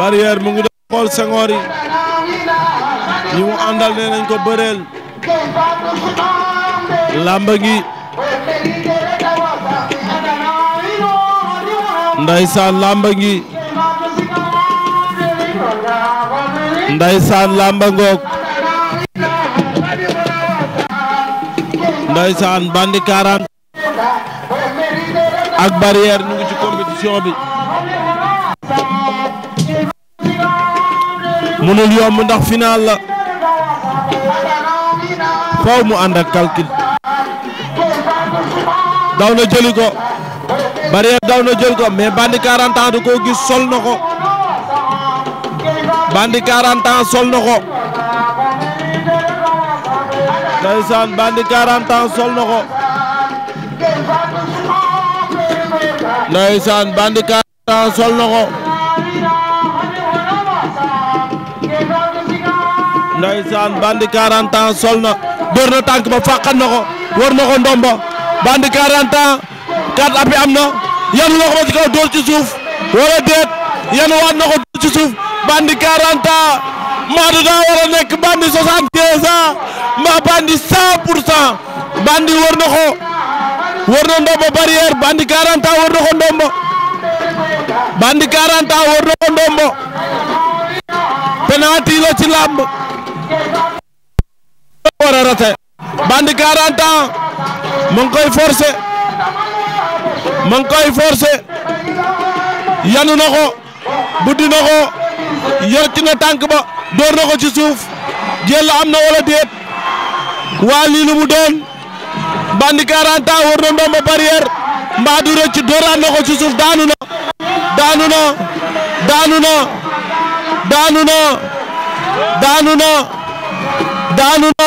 barrière mu ngi doon xool sengoor yi ñi nee nañ ko bëreel làmba gi ndaysaan làmba gi ndaysaan lamba ngoog ndaysaan bandi 40 ak barrière ñu ngi ci compétition bi mënul yomb ndax final la faw mu ànd ak calcul daw na jëli ko barrière daw na jël ko mais bandi 40 ans da gis sol na ko bandi 40 sol na ko ndeysaan bandi 40 sol na ko ndeysaan bandi 40 sol na ko ndeysaan bandi 40 ans sol na ba fàqan ko war ko ndomba bandi 40 ans kat api am na ko ba ci suuf wala déet yan waat ko dóor ci suuf bandi 40 ans Maodo daa nekk bandi 75 ans mbaa bandi 100 pour cent bandi war ko war na ndomba bandi 40 ans ko ndomba bandi 40 ans ko ndomba penalty la ci làmb war a rate bandi 40 ans mu ngi koy forcer ko buddi ko yor ci ba door ko ci suuf jël am na wala déet waa lii mu doon bandi 40 ans war na ndomba barrière mbaa du na ko ci suuf daanu na daanu na daanu na daanu na daanu